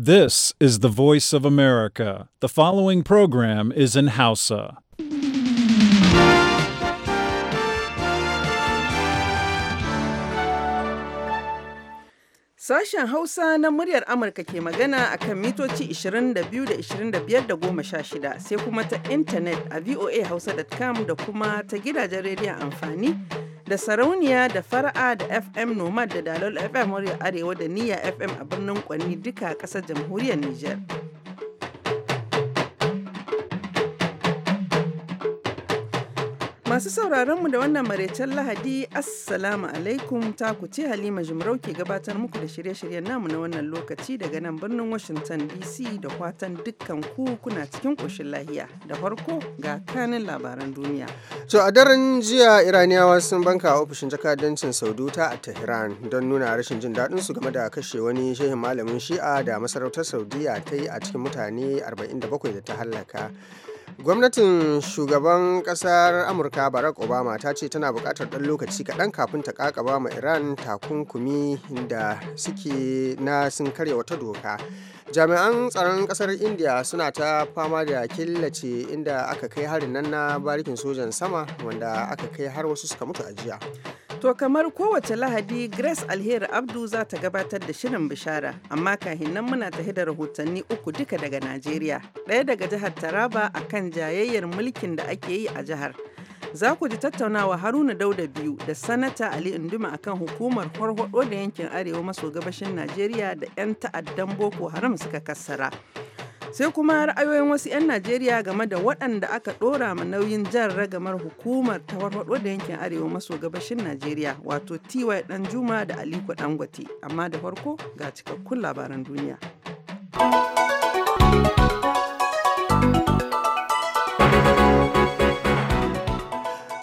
This is the voice of America. The following program is in Hausa. Sashen Hausa na muryar Amurka ke magana a kan mitoci 22 da 25 da 16 sai kuma ta intanet a voahausa.com da kuma ta gidajen rediyon amfani da sarauniya da fara'a da fm nomad da dalol fm murya arewa da niyya fm a birnin kwanni duka a ƙasar jamhuriyar niger Masu sauraron mu da wannan maraicen Lahadi, Assalamu alaikum ta ku ce Halima jimarau ke gabatar muku da shirye-shiryen namu na wannan lokaci daga nan birnin Washington DC da kwatan dukkan ku kuna cikin ƙoshin lahiya. Da farko ga kanin labaran duniya. To a daren jiya Iraniyawa sun banka ofishin jakadancin Sauduta a Tehran don nuna rashin jin daɗin su game da kashe wani shehin malamin Shi'a da masarautar Saudiya ta yi a cikin mutane 47 da ta hallaka. gwamnatin shugaban kasar amurka barack obama ta ce tana bukatar dan lokaci kaɗan kafin ta ƙaƙaba ma iran takunkumi da suke na sun karya wata doka jami'an tsaron kasar india suna ta fama da killace inda aka kai harin nan na barikin sojan sama wanda aka kai har wasu suka mutu a jiya To kamar kowace Lahadi Grace Alheri Abdu za ta gabatar da shirin bishara, amma kahin nan muna tafi da rahotanni uku duka daga Najeriya, ɗaya daga jihar Taraba a kan jayayyar mulkin da ake yi a jihar. Za ku ji tattaunawa Haruna Dauda biyu da Sanata Ali Induma akan hukumar farfaɗo da yankin Arewa maso gabashin Najeriya da 'yan ta'addan Boko Haram suka kassara. Sai kuma ra'ayoyin wasu 'yan Najeriya game da waɗanda aka ɗora ma nauyin jan ragamar hukumar ta warwaɗo da yankin arewa maso gabashin Najeriya wato TY Danjuma da Aliko Dangote. Amma da farko ga cikakkun labaran duniya.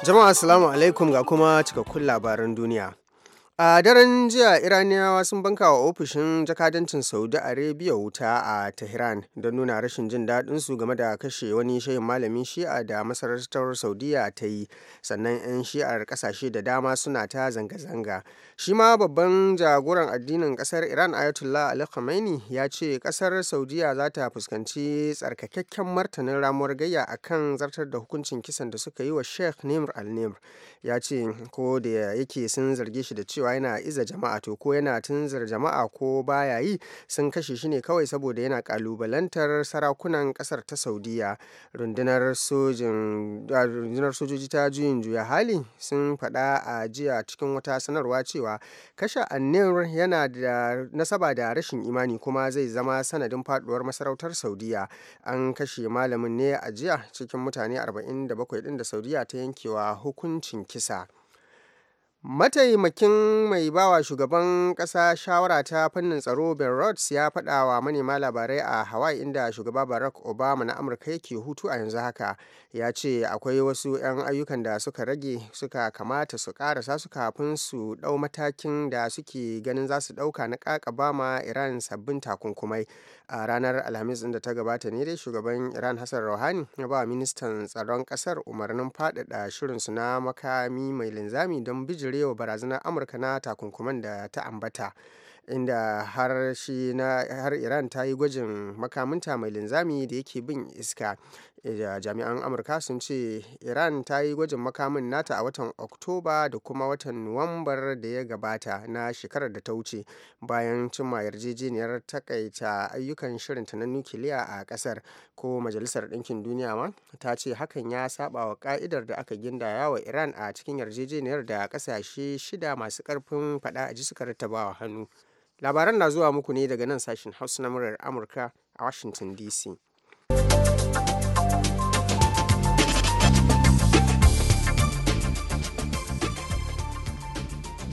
Jama'a Assalamu alaikum ga kuma cikakkun labaran duniya. a daren jiya iraniyawa sun banka wa ofishin jakadancin saudi arabia wuta a tehran don nuna rashin jin daɗin su game da kashe wani shayin malamin shi'a da masarautar saudiya ta yi sannan 'yan shi'ar ƙasashe da dama suna ta zanga-zanga shi ma babban jagoran addinin ƙasar iran ayatollah ali khamenei ya ce ƙasar saudiya za ta fuskanci tsarkakakken martanin ramuwar gayya akan zartar da hukuncin kisan da suka yi wa sheikh nimr al-nimr ya ce ko da yake sun zarge shi da cewa cewa yana iza jama'a to ko yana tunzar jama'a ko baya yi sun kashe shi ne kawai saboda yana kalubalantar sarakunan kasar ta saudiya rundunar sojoji ta juyin juya hali sun faɗa a jiya cikin wata sanarwa cewa kashe annur yana da nasaba da rashin imani kuma zai zama sanadin faduwar masarautar saudiya an kashe malamin ne a jiya cikin mutane 47 ɗin da saudiya ta yankewa hukuncin kisa mataimakin mai bawa shugaban kasa shawara ta fannin tsaro ben rhodes ya faɗa wa manema labarai a hawaii inda shugaba barack obama na amurka yake hutu a yanzu haka ya ce akwai wasu 'yan ayyukan da suka rage suka kamata su karasa su kafin su ɗau matakin da suke ganin za su ɗauka na ƙaƙabama iran sabbin takunkumai a ranar alhamis da ta gabata ne dai shugaban iran hassan rouhani ya ba ministan tsaron kasar umarnin faɗaɗa shirinsu na makami mai linzami don bijirewa barazanar amurka na takunkuman da ta ambata inda har shi na har iran ta yi gwajin makaminta mai linzami da yake bin iska jami'an amurka sun ce iran ta yi gwajin makamin nata a watan oktoba da kuma watan nuwambar da ya gabata na shekarar da ta wuce bayan cimma yarjejeniyar takaita ayyukan shirin ta na nukiliya a kasar ko majalisar ɗinkin duniya ma ta ce hakan ya saba wa ka'idar da aka gindaya wa iran a cikin yarjejeniyar da kasashe shida masu ƙarfin faɗa a ji suka rattabawa hannu labaran na zuwa muku ne daga nan sashen hausa na murar amurka a washington dc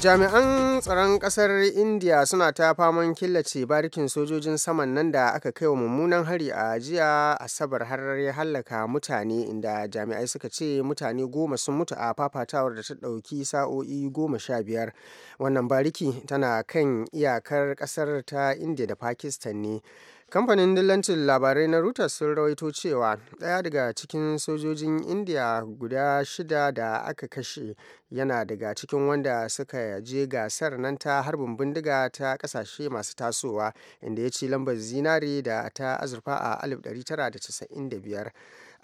jami'an tsaron kasar india suna ta faman killace barikin sojojin saman nan da aka kai wa mummunan hari a jiya asabar har ya hallaka mutane inda jami'ai suka ce mutane goma sun mutu a fafatawar da ta ɗauki sa'o'i goma sha biyar wannan bariki tana kan iyakar kasar ta india da pakistan ne kamfanin dillancin labarai na reuters sun rawaito cewa ɗaya daga cikin sojojin indiya guda shida da aka kashe yana daga cikin wanda suka je gasar nan ta harbin bindiga ta kasashe masu tasowa inda ya ci lambar zinari da ta azurfa a 1995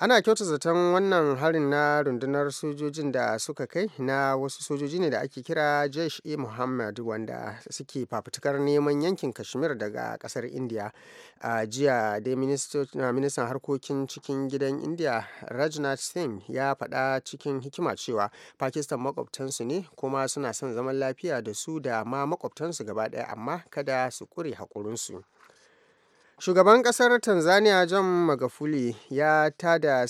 ana kyauta zaton wannan harin na rundunar sojojin da suka kai na wasu sojoji ne da ake kira jesh e muhammad wanda suke fafutukar neman yankin kashmir daga kasar india a jiya dai ministan harkokin cikin gidan india rajnath singh ya faɗa cikin hikima cewa pakistan makwabtansu ne kuma suna son zaman lafiya da su da ma makwabtansu gaba ɗaya amma kada su kure haƙurinsu. shugaban kasar tanzania john magafuli ya tada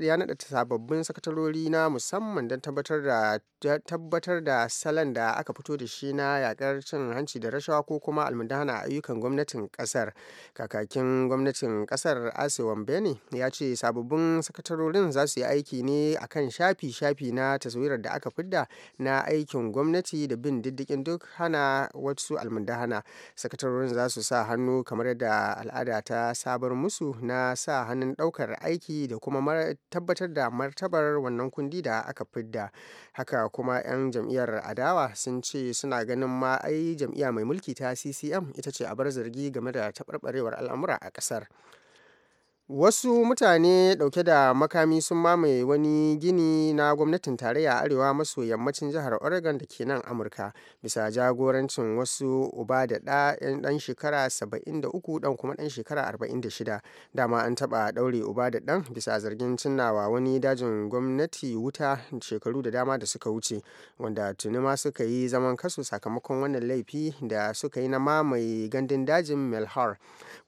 ya nada sababbin sakatarori na musamman don tabbatar da tabbatar da salon da aka fito da shi na yakar cin hanci da rashawa ko kuma a ayyukan gwamnatin kasar kakakin gwamnatin kasar asewan bene ya ce sababbin sakatarorin za su yi aiki ne akan shafi shafi na taswirar da aka fidda na aikin gwamnati da bin diddikin duk hana wasu almudana sakatarorin za su sa hannu kamar yadda da al'ada ta sabar musu na sa hannun ɗaukar aiki da kuma tabbatar da martabar wannan kundi da aka fidda haka kuma 'yan jam'iyyar adawa sun ce suna ganin ma ai jam'iyya mai mulki ta ccm ita ce a bar zargi game da taɓarɓarewar al'amura a ƙasar. wasu mutane dauke da makami sun mamaye wani gini na gwamnatin tarayya arewa maso yammacin jihar oregon da ke nan amurka bisa jagorancin wasu uba da ɗa ɗan shekara 73 ɗan kuma ɗan shekara 46 dama an taɓa ɗaure uba da ɗan bisa zargin cinnawa wani dajin gwamnati wuta shekaru da dama da suka wuce wanda tuni ma suka yi zaman kasu sakamakon wannan laifi da suka yi na mamaye gandun dajin melhar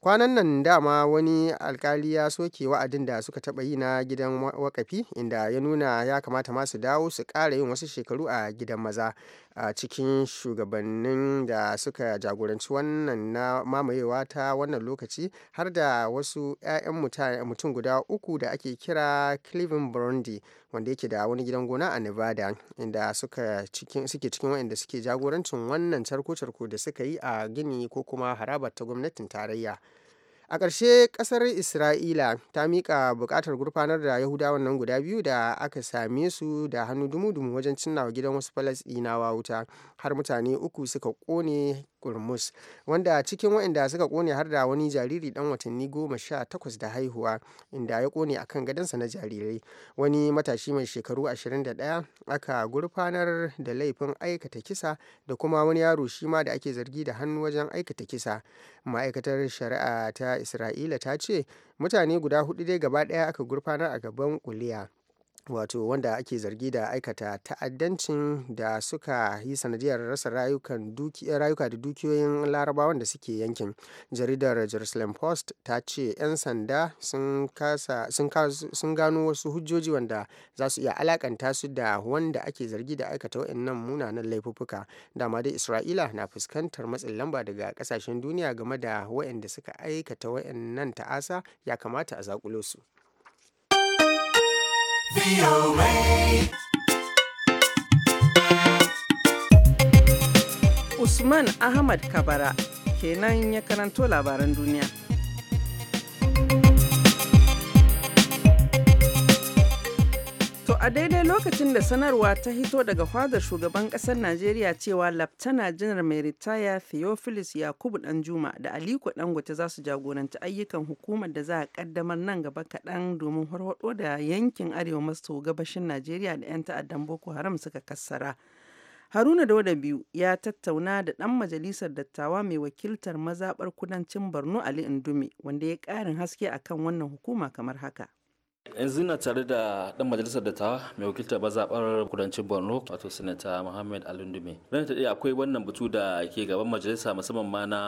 kwanan nan dama wani alkali buhari ya soke wa'adin da suka taba yi na gidan wakafi inda ya nuna ya kamata masu dawo su kara yin wasu shekaru a gidan maza a cikin shugabannin da suka jagoranci wannan na mamayewa ta wannan lokaci har da wasu 'ya'yan mutum guda uku da ake kira cleveland burundi wanda yake da wani gidan gona a nevada inda suke cikin waɗanda suke jagorancin wannan carko-carko da suka yi a gini ko kuma harabar ta gwamnatin tarayya a ƙarshe ƙasar isra'ila ta miƙa buƙatar gurfanar da yahudawan nan guda biyu da aka same su da hannu dumu-dumu wajen cinnawa gidan wasu falasɗinawa wuta har mutane uku suka ƙone kurmus wanda cikin waɗanda suka kone har da wani jariri dan watanni goma sha takwas da haihuwa inda ya kone a kan gadansa na jarirai wani matashi mai shekaru ashirin da 21 aka gurfanar da laifin aikata kisa da kuma wani yaro shi ma da ake zargi da hannu wajen aikata kisa ma'aikatar shari'a ta isra'ila ta ce mutane guda hudu dai gaba ɗaya aka gurfanar a gaban kuliya wato wanda ake zargi da aikata ta'addancin da suka yi sanadiyar rasa rayuka da dukiyoyin laraba wanda suke yankin jaridar jerusalem post ta ce 'yan sanda sun gano wasu hujjoji wanda za su iya alakanta su da wanda ake zargi da aikata waɗannan munanan laifuffuka dama dai isra'ila na fuskantar matsin lamba daga kasashen duniya game da waɗanda suka aikata waɗannan ta'asa ya kamata a zakulo su Usman Ahmad Kabara kenan ya karanto labaran duniya. a daidai lokacin da sanarwa ta hito daga fadar shugaban kasar najeriya cewa laftana janar mai ritaya theophilus yakubu danjuma da aliko dangote za su jagoranci ayyukan hukumar da za a kaddamar nan gaba kaɗan domin harhaɗo da yankin arewa maso gabashin najeriya da 'yan ta'addan boko haram suka kassara haruna dauda biyu ya tattauna da ɗan majalisar dattawa mai wakiltar mazaɓar kudancin borno ali indume wanda ya ƙarin haske akan wannan hukuma kamar haka yanzu na tare da dan majalisar dattawa mai wakilta zaɓar kudancin borno wato sanata muhammad alundume ranar ta akwai wannan batu da ke gaban majalisa musamman ma na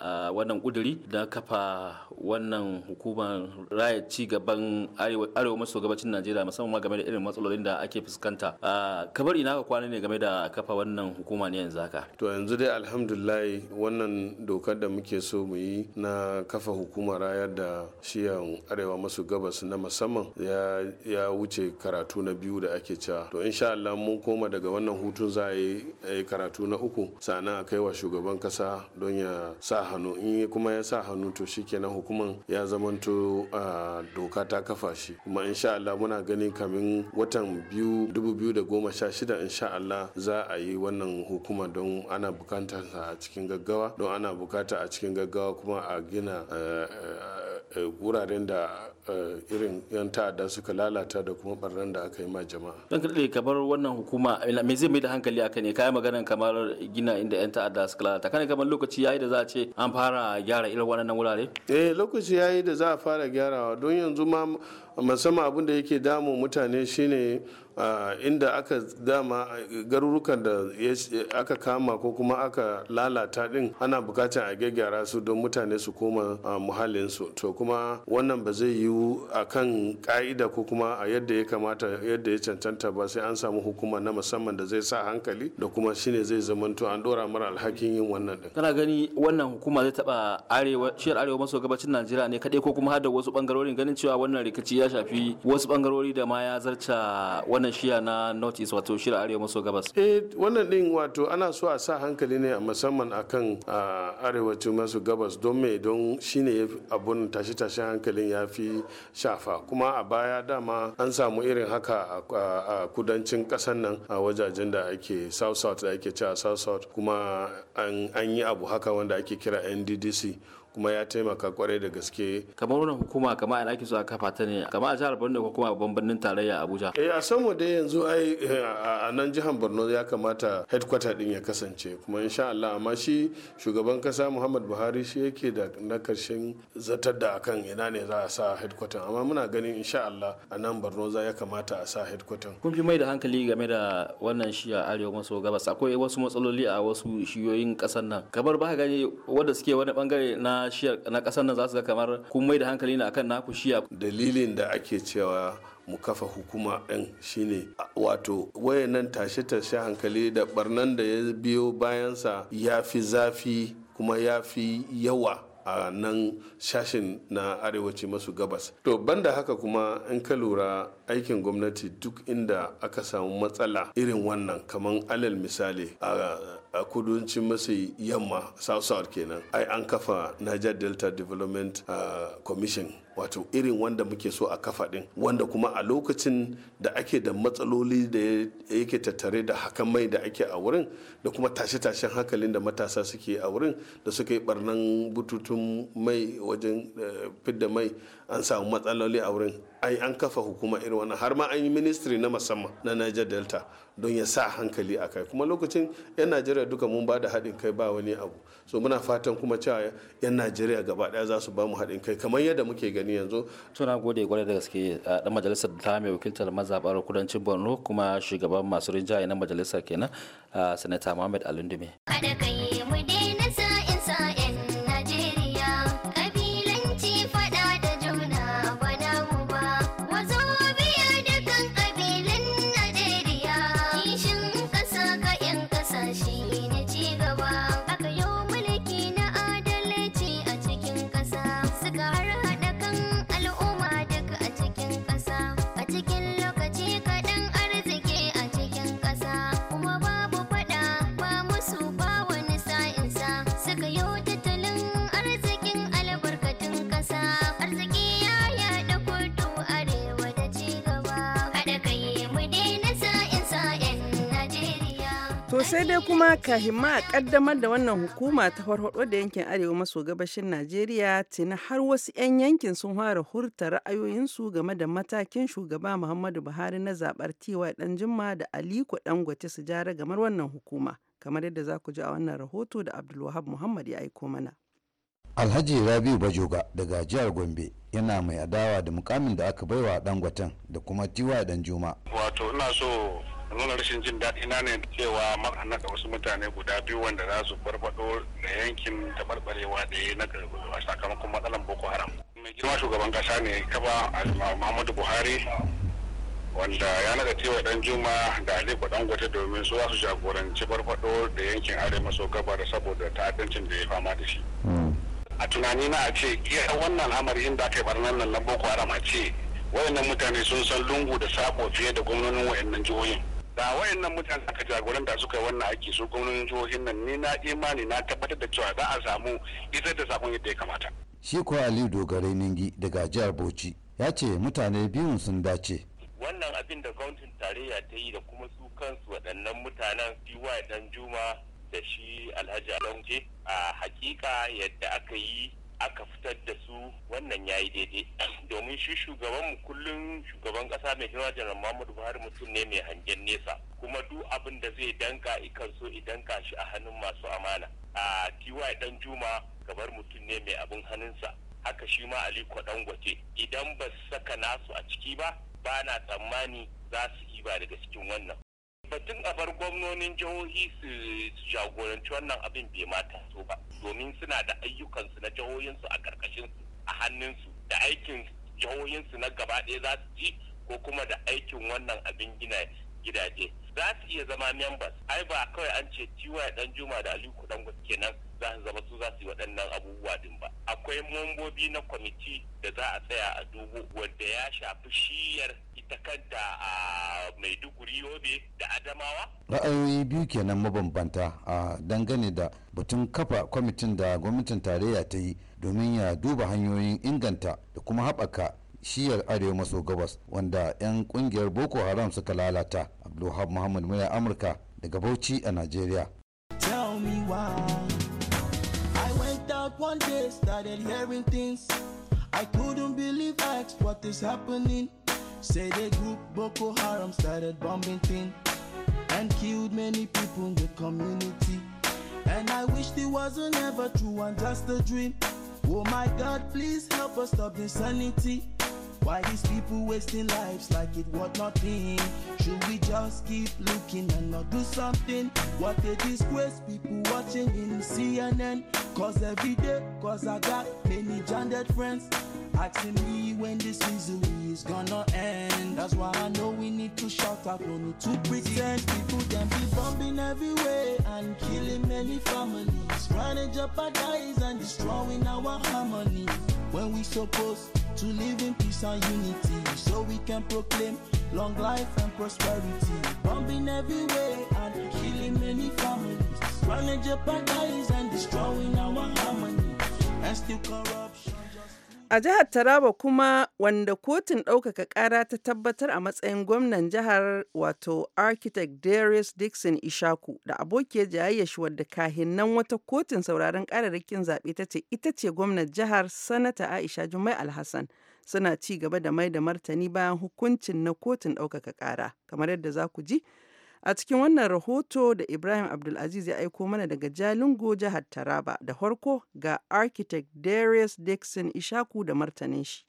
a wannan kuduri da kafa wannan hukumar raya ci gaban arewa maso gabacin najeriya musamman ma game da irin matsalolin da ake fuskanta a kabar ina ka kwana ne game da kafa wannan hukuma ne yanzu haka to yanzu dai alhamdulillah wannan dokar da muke so mu yi na kafa hukumar raya da shiyan arewa maso gabas na musamman ya wuce karatu na biyu da ake cewa to insha Allah mun koma daga wannan hutun za a yi karatu na uku sannan a kai wa shugaban kasa don ya sa hannu in kuma ya sa hannu to shi shikenan hukuman ya zamanto a doka ta kafa shi kuma insha Allah muna gani kamin watan biyu dubu biyu da goma sha shida insha Allah za a yi wannan hukuma don ana bukatar a cikin gaggawa don ana bukata a cikin gaggawa kuma a gina eh, eh, Eh, guraren da eh, irin yan ta'adda suka lalata da kuma barnan da aka yi ma jama'a don kaɗe kamar wannan hukuma me zai mai da hankali aka ne kayan maganan kamar gina inda yan ta'adda suka lalata kana kamar lokaci yayi da za a ce an fara gyara irin waɗannan wurare eh lokaci yayi da za a fara gyarawa don yanzu ma musamman abin da yake damu mutane shine eh, inda aka dama garurukan da aka kama ko kuma aka lalata din ana bukatar a gyara su don mutane su koma muhallinsu to kuma wannan ba zai yiwu a kan ka'ida ko kuma a yadda ya kamata yadda ya cancanta ba sai an samu hukuma na musamman da zai sa hankali da kuma shine zai zamanto an dora mara alhakin yin wannan din kana gani wannan hukuma zai taba arewa shiyar arewa maso gabacin Najeriya ne kadai ko kuma har da wasu bangarorin ganin cewa wannan rikici ya shafi wasu bangarori da ma ya zarta wannan shiya na North East wato shiyar arewa maso gabas eh wannan din wato ana so a sa hankali ne musamman akan arewacin maso gabas don me don shine abun tashi tashe-tashen hankalin ya fi shafa kuma a baya dama an samu irin haka a kudancin kasan nan a wajajen da ake south south da ake cewa south south kuma an yi abu haka wanda ake kira nddc kuma ya taimaka kwarai da gaske kamar wannan hukuma kamar ana ake so a kafa ta ne kamar a jihar Borno ko kuma babban birnin tarayya Abuja eh a samu dai yanzu ai eh, a nan jihar Borno ya kamata headquarter din ya kasance kuma insha Allah amma shi shugaban kasa Muhammad Buhari shi yake da na karshen zatar da akan ina ne za a sa headquarter amma muna ganin insha Allah a nan Borno za ya kamata a sa headquarter kun fi mai da hankali game da wannan shi a arewa maso gabas akwai wasu matsaloli a wasu shiyoyin kasar nan kamar ba gani wanda suke wani bangare na na shiya na kasar nan za su ga kamar kun mai da hankali na akan naku shiya dalilin da ake cewa mu kafa hukuma ɗin shine wato wayannan tashe-tashe hankali da barnan da ya biyo bayansa ya fi zafi kuma ya fi yawa a nan shashin na arewaci masu gabas to banda haka kuma in ka lura aikin gwamnati duk inda aka samu matsala irin wannan kamar alal misali a kudancin masu yamma south south kenan ai an kafa niger delta development commission wato irin wanda muke so a kafa din wanda kuma a lokacin da ake da matsaloli da yake tattare da hakan mai da ake a wurin da kuma tashe-tashen hankalin da matasa suke a wurin da suka yi barnan bututun mai wajen eh, fidda mai an samu matsaloli a wurin ai an kafa hukuma irin wannan har ma an yi ministry na musamman na Niger Delta don ya sa hankali a kai kuma lokacin 'yan Najeriya duka mun ba da haɗin kai ba wani abu so muna fatan kuma cewa 'yan Najeriya gaba ɗaya za su ba mu haɗin kai kamar yadda muke gani yanzu. Tuna gode gwada da gaske a ɗan majalisar ta mai wakiltar mazaɓar kudancin Borno kuma shugaban masu rinjaye na majalisar kenan sanata Muhammad Alundume. Kada kai mu daina To sai dai kuma kahimma a kaddamar da wannan hukuma ta farfado da yankin Arewa maso gabashin Najeriya tuni har wasu 'yan yankin sun fara hurta ra'ayoyinsu game da matakin shugaba Muhammadu Buhari na zaɓar Tiwa Danjuma da Aliko Dangote su jara gamar wannan hukuma. Kamar yadda za ku ji a wannan rahoto da Abdulwahab Muhammad ya aiko mana. Alhaji Rabiu Bajoga daga jihar Gombe yana mai adawa da mukamin da aka baiwa Dangoten da kuma Tiwa Danjuma. Wato ina so nuna rashin jin daɗi na ne cewa naka wasu mutane guda biyu wanda za su fado da yankin da barbarewa da ya a sakamakon matsalan boko haram mai girma shugaban kasa ne kaba muhammadu buhari wanda ya naɗa cewa dan juma da aliko dangote domin su za su jagoranci barbaɗo da yankin arewa maso gabar saboda ta'addancin da ya fama da shi mm. a tunani na a ce iya wannan lamarin da aka yi barnan nan na boko haram a ce wayannan mutane sun san lungu da sako fiye da gwamnonin wayannan jihohin da wayannan mutane aka jagoranta suka wannan aiki su gwamnonin jihohin nan ni na imani na tabbatar da cewa za a samu isar da sakon yadda ya kamata shi ko aliyu dogarai ningi daga jihar bauchi ya ce mutane biyun sun dace wannan abin da gwamnatin tarayya ta yi da kuma su kansu waɗannan mutanen biwa dan juma da shi alhaji alonje a hakika yadda aka yi aka fitar da su wannan ya yi daidai domin shi shugaban mu kullum shugaban kasa mai hira janar Muhammadu Buhari mutum ne mai hangen nesa kuma duk abin da zai danka ikan so idan ka shi a hannun masu amana a TY dan Juma gabar mutum ne mai abin hannunsa haka shi ma Aliko Dangote idan ba su saka nasu a ciki ba ba na tsammani za su yi ba daga cikin wannan batun a bar gwamnonin jihohi su jagoranci wannan abin bai mata taso ba domin suna da ayyukansu na jihohinsu a ƙarƙashinsu a hannunsu da aikin jihohinsu na gaba ɗaya za su ci ko kuma da aikin wannan abin gina gidaje za su iya zama members ai ba kawai an ce tiwa dan juma da aliku dan kenan za su zama su za su yi waɗannan abubuwa din ba akwai mambobi na kwamiti da za a tsaya a dubo wanda ya shafi shiyar ita kanta a maiduguri yobe da adamawa ra'ayoyi biyu kenan mabambanta a dangane da batun kafa kwamitin da gwamnatin tarayya ta yi domin ya duba hanyoyin inganta da kuma haɓaka shiyar arewa maso gabas wanda 'yan kungiyar boko haram suka lalata abdulhab muhammad amurka daga bauchi a nigeria One day started hearing things I couldn't believe asked what is happening Say the group Boko Haram started bombing things And killed many people in the community And I wished it wasn't ever true and just a dream Oh my God, please help us stop this insanity why these people wasting lives like it was nothing? Should we just keep looking and not do something? What a disgrace, people watching in CNN. Cause every day, cause I got many gendered friends asking me when this is over is gonna end. That's why I know we need to shout out, no need to pretend. People can be bombing everywhere and killing many families, running to jeopardize and destroying our harmony. When we supposed to live in peace and unity, so we can proclaim long life and prosperity. Bombing everywhere and killing many families, running to jeopardize and destroying our harmony, and still corrupt. A jihar Taraba kuma wanda kotun ɗaukaka kara ta tabbatar a matsayin gwamnan jihar wato architect Darius Dixon Ishaku da abokiyar jayayya shi wadda kahinnan wata kotun sauraron ƙararrakin zaɓe ta ce ita ce gwamnan jihar Sanata Aisha Jummai Alhassan suna ci gaba da mai da martani bayan hukuncin na kotun ɗaukaka ƙara kamar yadda za ku ji A cikin wannan rahoto da Ibrahim Abdulaziz ya aiko mana daga Jalingo jihar Taraba da harko ga architect Darius Dixon Ishaku da martanin shi.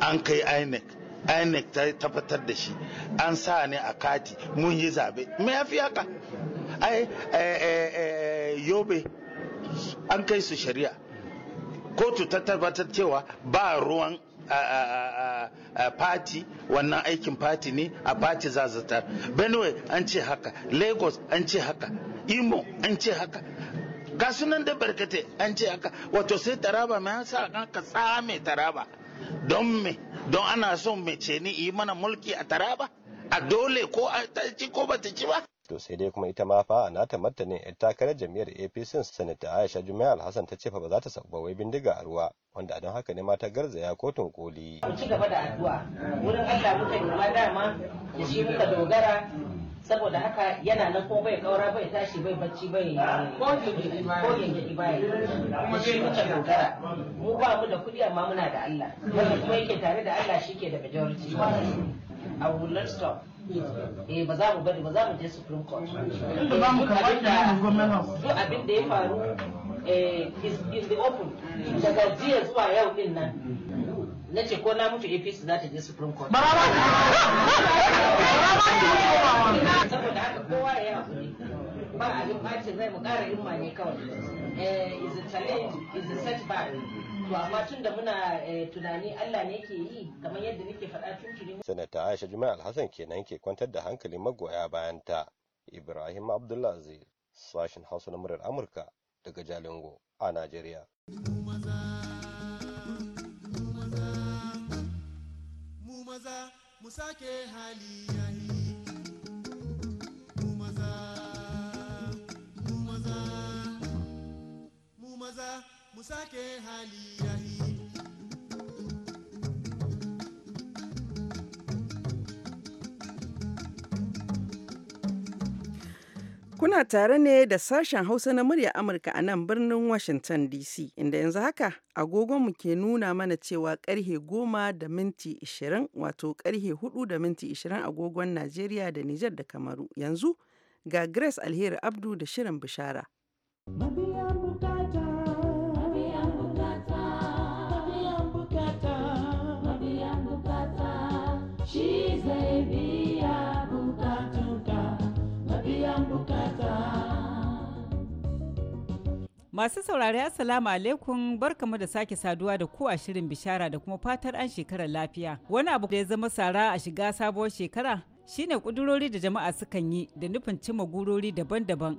An kai INEC, INEC ta tabbatar da shi, an sa ne a kati mun yi zabe. Me ya fi haka? Ai, eh, eh, eh, yobe an kai su shari'a. Kotu ta tabbatar cewa ba ruwan a fati wannan aikin fati ne a fati zazatar benue an ce haka lagos an ce haka imo an ce haka ga sunan da barkate an ce haka wato sai taraba mai a kan ka tsame taraba don me don ana son mai ceni yi mana mulki a taraba a dole ko a ta ci ko ba ta ci ba to sai dai kuma ita ma fa nata martanin yan takarar jam'iyyar apc sanata aisha juma'a alhassan ta ce fa ba za ta sabba wai bindiga a ruwa wanda don haka ne ma ta garzaya kotun koli ku ci gaba da addu'a wurin allah muka ma dama da shi muka dogara saboda haka yana nan ko bai kaura bai tashi bai bacci bai ko gingiri bai kuma shi muka dogara mu ba mu da kuɗi amma muna da allah wanda kuma yake tare da allah shi ke da majority I will not stop. eh ba za mu bari ba za mu je supreme court duk ba mu kawai da duk abin da ya faru eh, is in the open daga jiya zuwa yau din nan na ko na mutu apc za ta je supreme court saboda haka kowa ya yi ba mu kara yin kawai eh, is a challenge is a setback to amma tun da muna eh, tunani Allah ne ke yi kamar yadda nake faɗa tun tuni sanata Aisha Juma'a Alhassan kenan ke kwantar da hankalin magoya bayan ta Ibrahim Abdullah Aziz sashin Hausa na murar Amurka daga Jalingo a Najeriya mu maza mu sake hali yayi mu maza mu maza mu maza Kuna tare ne da sashen Hausa na murya Amurka a nan birnin Washington DC, inda yanzu haka agogonmu ke nuna mana cewa karhe goma da minti 20 wato karhe 4 da minti 20 agogon Najeriya da Nijar da Kamaru. Yanzu ga Grace Alheri Abdu da Shirin Bishara. Masu saurari Assalamu alaikum barkamu da sake saduwa da ku a shirin bishara da kuma fatar an shekarar lafiya. Wani abu da ya zama sara a shiga sabuwar shekara shine kudurori da jama'a sukan yi da nufin cimma gurori daban-daban.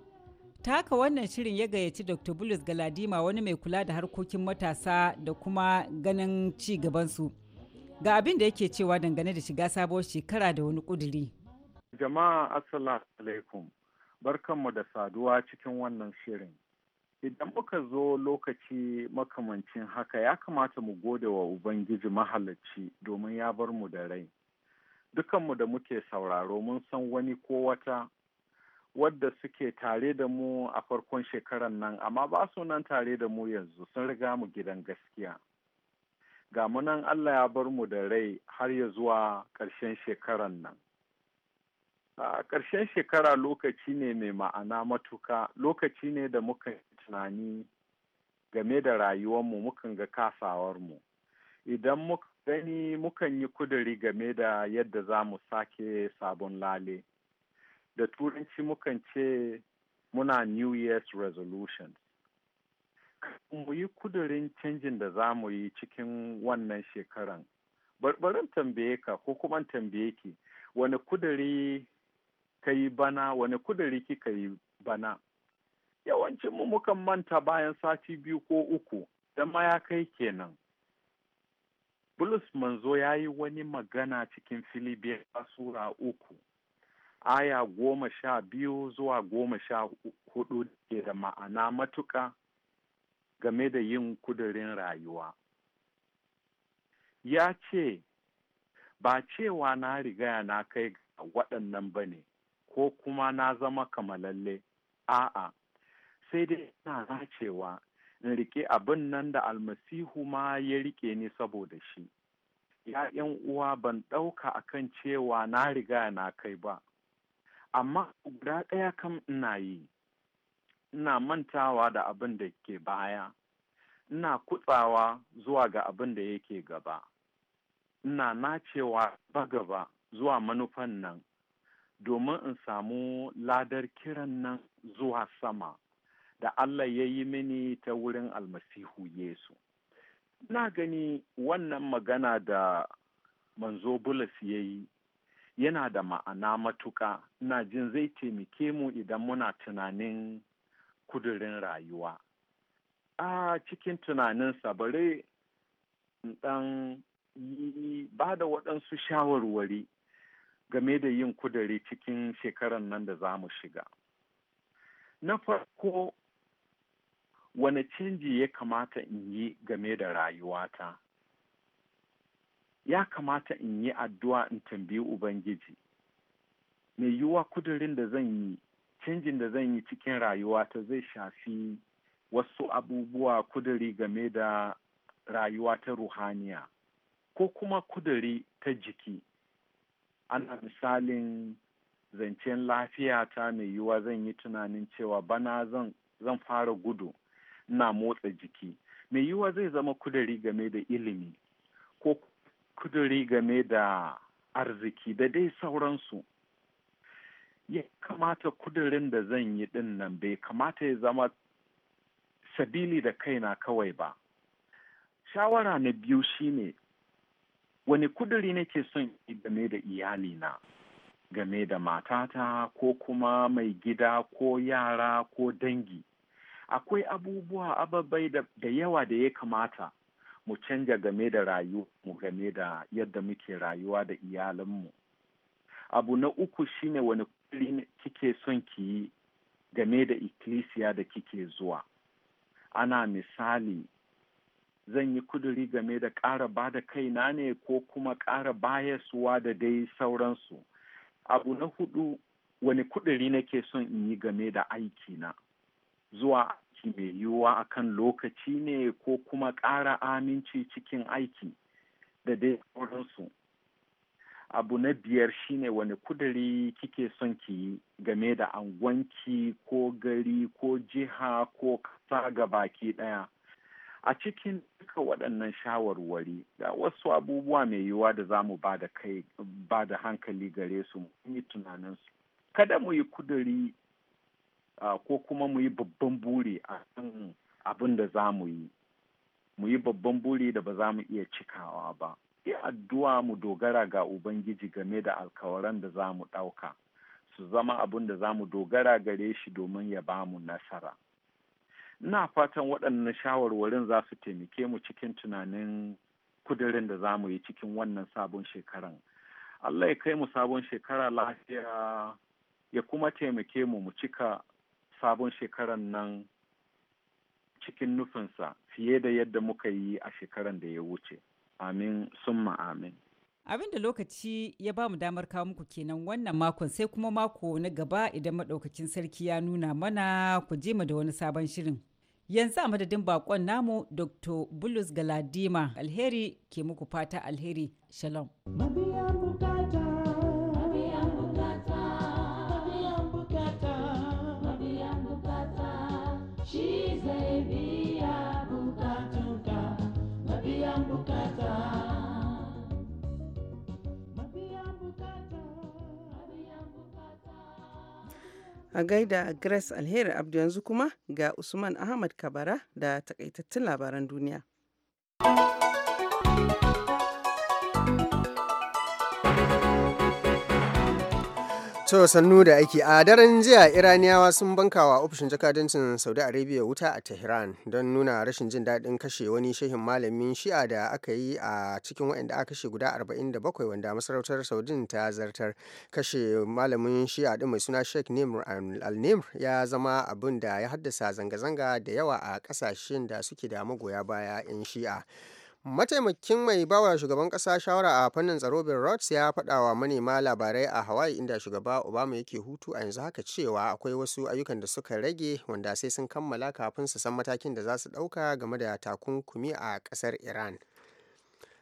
Ta haka wannan shirin ya gayyaci Dr. Bulus Galadima wani mai kula da harkokin matasa da kuma ganin ci gabansu. Ga abin da yake cewa dangane da shiga sabuwar shekara da wani kuduri. Jama'a Assalamu alaikum. Barkanmu da saduwa cikin wannan shirin. idan muka zo lokaci makamancin haka ya kamata mu gode wa ubangiji mahalarci domin ya bar mu da rai dukanmu da muke sauraro mun san wani ko wata wadda suke tare da mu a farkon shekaran nan amma ba su nan tare da mu yanzu sun riga mu gidan gaskiya ga munan allah ya bar mu da rai har ya zuwa ƙarshen shekaran nan a ƙarshen shekara lokaci ne mai ma'ana matuka lokaci ne da muka tunani game da rayuwarmu mukan ga kasawarmu idan muka gani mukan yi kuduri game da yadda za mu sake sabon lale da turanci mukan ce muna new year's resolutions mu yi kudurin canjin da za mu yi cikin wannan shekaran barbarin tambaye ka ko kuma tambaye ki wani kuduri ka yi bana wani kuduri kika yi bana yawancin mu mukan manta bayan sati biyu ko uku da ma kai kenan bulus manzo ya yi wani magana cikin filibiyar sura uku aya goma sha biyu zuwa goma sha hudu ke da ma'ana matuka game da yin kudurin rayuwa ya ce ba cewa na riga na kai waɗannan ba ne ko kuma na zama kamalalle a'a sai dai ina racewa in rike abin nan da almasihu ma ya rike ni saboda shi 'yan uwa ban ɗauka a kan cewa na riga na kai ba amma guda ɗaya kam ina yi ina mantawa da abin da ke baya ina kutsawa zuwa ga abin da yake gaba ina nacewa ba gaba zuwa manufan nan domin in samu ladar kiran nan zuwa sama da Allah ya yi mini ta wurin almasihu Yesu. Na gani wannan magana da manzo Bulus ya yi yana da ma'ana matuka, na jin zai taimake mu idan muna tunanin kudurin rayuwa. A cikin tunaninsa bare ɗan ba da waɗansu shawarwari game da yin kudari cikin shekarar nan da za mu shiga. Na farko wane canji ya kamata in yi game da rayuwata ya kamata in yi addu'a in tambayi ubangiji mai yiwuwa kudurin da zan yi canjin da zan yi cikin rayuwata zai shafi wasu abubuwa kuduri game da rayuwa ta ruhaniya ko kuma kuduri ta jiki ana misalin zancen lafiya ta mai yiwuwa zan yi tunanin cewa bana zan fara gudu na motsa jiki mai yiwuwa zai zama kuduri game da ilimi ko kuduri game da arziki da dai sauransu ya kamata kudurin da zan yi din nan bai kamata ya zama sabili da kaina kawai ba shawara na biyu shine wani kuduri nake son yi game da iyalina game da matata ko kuma mai gida ko yara ko dangi akwai abubuwa ababai da yawa da ya kamata mu canja game da rayu mu game da yadda muke rayuwa da iyalanmu abu na uku shine wani kuri kike son ki yi game da ikkilisiya da kike zuwa ana misali zan yi kuduri game da ƙara ba da kaina ne ko kuma ƙara bayaswa da dai sauransu abu na hudu wani kuduri nake son in yi game da aikina zuwa aiki mai yiwuwa akan lokaci ne ko kuma ƙara aminci cikin aiki da dai sauransu abu na biyar shine wani kuduri kike son ki yi game da angwanki ko gari ko jiha ko kasa ga baki ɗaya a cikin duka waɗannan shawarwari da wasu abubuwa mai yiwuwa da za mu ba da hankali gare su yi tunaninsu kada mu yi kuduri ko kuma mu yi babban buri a kan abin da za mu yi mu yi babban buri da ba za mu iya cikawa ba yi addu'a mu dogara ga ubangiji game da alkawaran da za mu ɗauka su zama abin da za mu dogara gare shi domin ya ba mu nasara ina fatan waɗannan shawarwarin za su taimake mu cikin tunanin kudirin da za mu yi cikin wannan sabon shekaran allah ya kai mu sabon shekara lafiya ya kuma taimake mu mu cika sabon shekaran nan cikin nufinsa fiye da yadda muka yi a shekaran da ya wuce. Amin summa amin. Abin da lokaci ya ba mu damar kawo muku kenan wannan makon sai kuma mako na gaba idan maɗaukacin sarki ya nuna mana ku je mu da wani sabon shirin. Yanzu a madadin bakon namu Dr. Bulus Galadima alheri ke muku fata alheri. Shalom. Mabiya bukata A gaida Grace Alheri Abdu yanzu kuma ga Usman Ahmad Kabara da takaitattun labaran duniya. To sannu da aiki a daren jiya Iraniyawa sun bankawa ofishin jakadancin Saudi Arabia wuta a Tehran don nuna rashin jin daɗin kashe wani shehin malamin shi'a da aka yi a cikin waɗanda aka kashe guda 47 wanda masarautar saudi ta zartar kashe malamin shi'a ɗin mai suna Sheikh Nimr al-Nimr ya zama abin da ya haddasa zanga-zanga da yawa a ƙasashen da suke da magoya baya 'yan shi'a. mataimakin mai bawa shugaban kasa shawara a fannin tsaro bin rods ya faɗa wa manema labarai a hawaii inda shugaba obama yake hutu a yanzu haka cewa akwai wasu ayyukan da suka rage wanda sai sun kammala kafin su san matakin da za su ɗauka game da takunkumi a ƙasar iran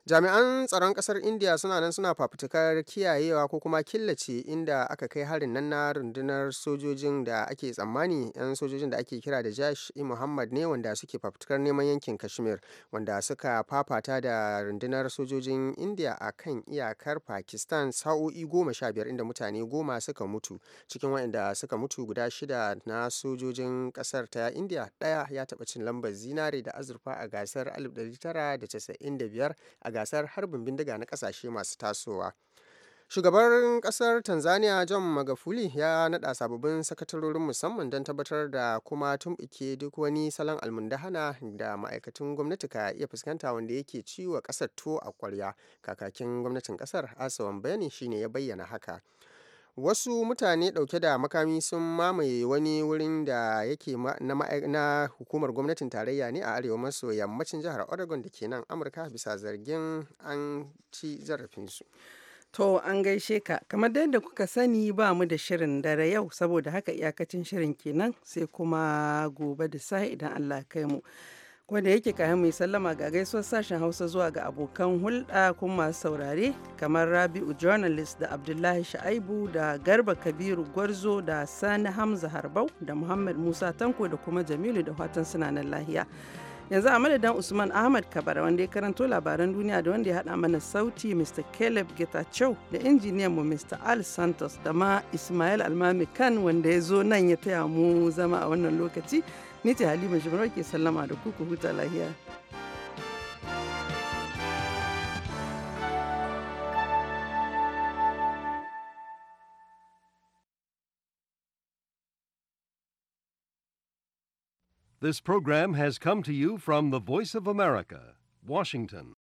jami'an tsaron kasar india suna nan suna fafutukar kiyayewa ko kuma killace inda aka kai harin nan na rundunar sojojin da ake tsammani yan sojojin da ake kira da jash i e. muhammad ne wanda suke fafutukar neman yankin kashmir wanda suka fafata da rundunar sojojin india a kan iyakar pakistan sa'o'i goma sha biyar inda mutane goma suka mutu cikin wa'inda suka mutu guda shida na sojojin kasar ta india ɗaya ya taɓa cin lambar zinare da azurfa a gasar 1995 a gasar harbin bindiga na kasashe masu tasowa shugaban kasar tanzania john magafuli ya nada sababbin sakatarorin musamman don tabbatar da kuma tumbuke duk wani salon almundahana da ma'aikatan gwamnati ka iya fuskanta wanda yake ciwo kasar to a kwarya kakakin gwamnatin kasar asawan bayani shine ya bayyana haka wasu mutane ɗauke da makami sun mamaye wani wurin da yake na, hukumar gwamnatin tarayya ne a arewa maso yammacin jihar oregon da ke nan amurka bisa zargin an ci zarafinsu To an gaishe ka, kamar yadda kuka sani ba mu da shirin dare yau saboda haka iyakacin shirin kenan sai kuma gobe da sa idan Allah kai mu. wanda yake kayan mai sallama ga gaisuwar sashen hausa zuwa ga abokan hulɗa kuma masu saurare kamar rabi'u journalist da abdullahi sha'aibu da garba kabiru gwarzo da sani hamza harbau da muhammad musa tanko da kuma jamilu da fatan suna nan lahiya yanzu a madadin usman ahmad kabara wanda ya karanto labaran duniya da wanda ya haɗa mana sauti mr caleb getachew da injiniyan mu mr al santos da ma ismail almami khan wanda ya zo nan ya taya mu zama a wannan lokaci Halima ke sallama da ku ku huta lahiya. This program has come to you from the Voice of America, Washington.